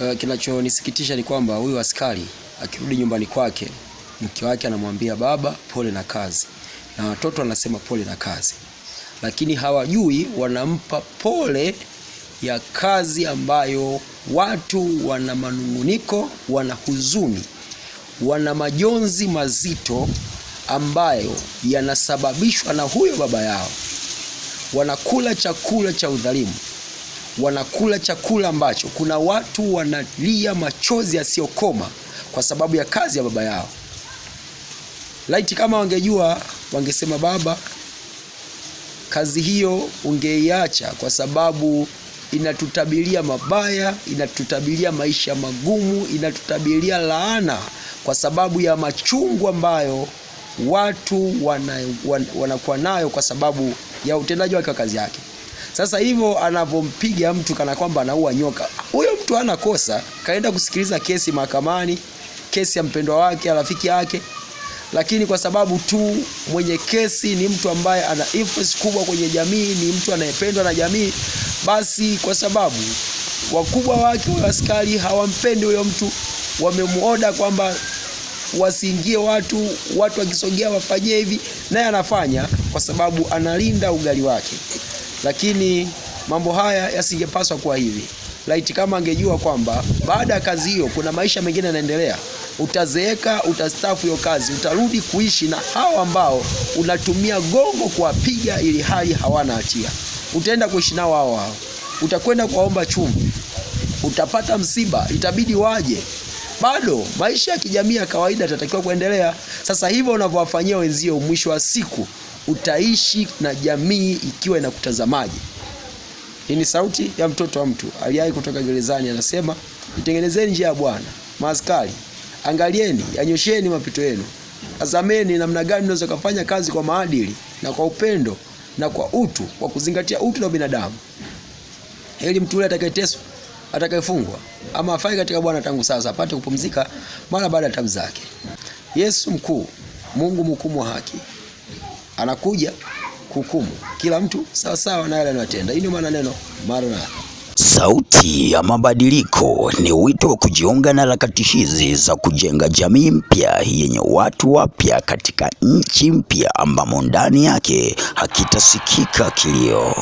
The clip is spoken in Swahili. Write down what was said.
Uh, kinachonisikitisha ni kwamba huyu askari akirudi nyumbani kwake mke wake anamwambia baba, pole na kazi, na watoto anasema pole na kazi, lakini hawajui wanampa pole ya kazi ambayo watu wana manunguniko, wana huzuni, wana majonzi mazito ambayo yanasababishwa na huyo baba yao. Wanakula chakula cha udhalimu wanakula chakula ambacho kuna watu wanalia machozi yasiyokoma kwa sababu ya kazi ya baba yao. Laiti kama wangejua wangesema, baba, kazi hiyo ungeiacha kwa sababu inatutabilia mabaya, inatutabilia maisha magumu, inatutabilia laana kwa sababu ya machungu ambayo watu wanakuwa wana nayo kwa sababu ya utendaji wake wa kazi yake. Sasa hivyo anapompiga mtu kana kwamba anaua nyoka, huyo mtu hana kosa, kaenda kusikiliza kesi mahakamani, kesi ya mpendwa wake, rafiki yake, lakini kwa sababu tu mwenye kesi ni mtu ambaye ana influence kubwa kwenye jamii, ni mtu anayependwa na jamii, basi kwa sababu wakubwa wake wa askari hawampendi huyo mtu, wamemuoda kwamba wasiingie watu, watu wakisogea wafanye hivi, naye anafanya kwa sababu analinda ugali wake lakini mambo haya yasingepaswa kuwa hivi. Laiti kama angejua kwamba baada ya kazi hiyo kuna maisha mengine yanaendelea, utazeeka, utastafu hiyo kazi, utarudi kuishi na hao ambao unatumia gongo kuwapiga ili hali hawana hatia. Utaenda kuishi nao hao hao, utakwenda kuwaomba chumvi, utapata msiba, itabidi waje bado maisha ya kijamii ya kawaida yatatakiwa kuendelea. Sasa hivyo unavyowafanyia wenzio, mwisho wa siku utaishi na jamii ikiwa inakutazamaje. Hii ni sauti ya mtoto wa mtu aliyai kutoka gerezani, anasema itengenezeni njia ya Bwana. Maaskari, angalieni, yanyosheni mapito yenu, azameni namna gani mnaweza kufanya kazi kwa maadili na kwa upendo na kwa utu, kwa kuzingatia utu na binadamu. Heri mtu yule atakayeteswa, atakayefungwa ama afai katika Bwana tangu sasa, apate kupumzika mara baada ya tabu zake. Yesu mkuu, Mungu mkuu wa haki anakuja kuhukumu kila mtu sawasawa na yale anayotenda. Hii ndio maana neno Maranatha. Sauti ya Mabadiliko ni wito wa kujiunga na harakati hizi za kujenga jamii mpya yenye watu wapya katika nchi mpya ambamo ndani yake hakitasikika kilio.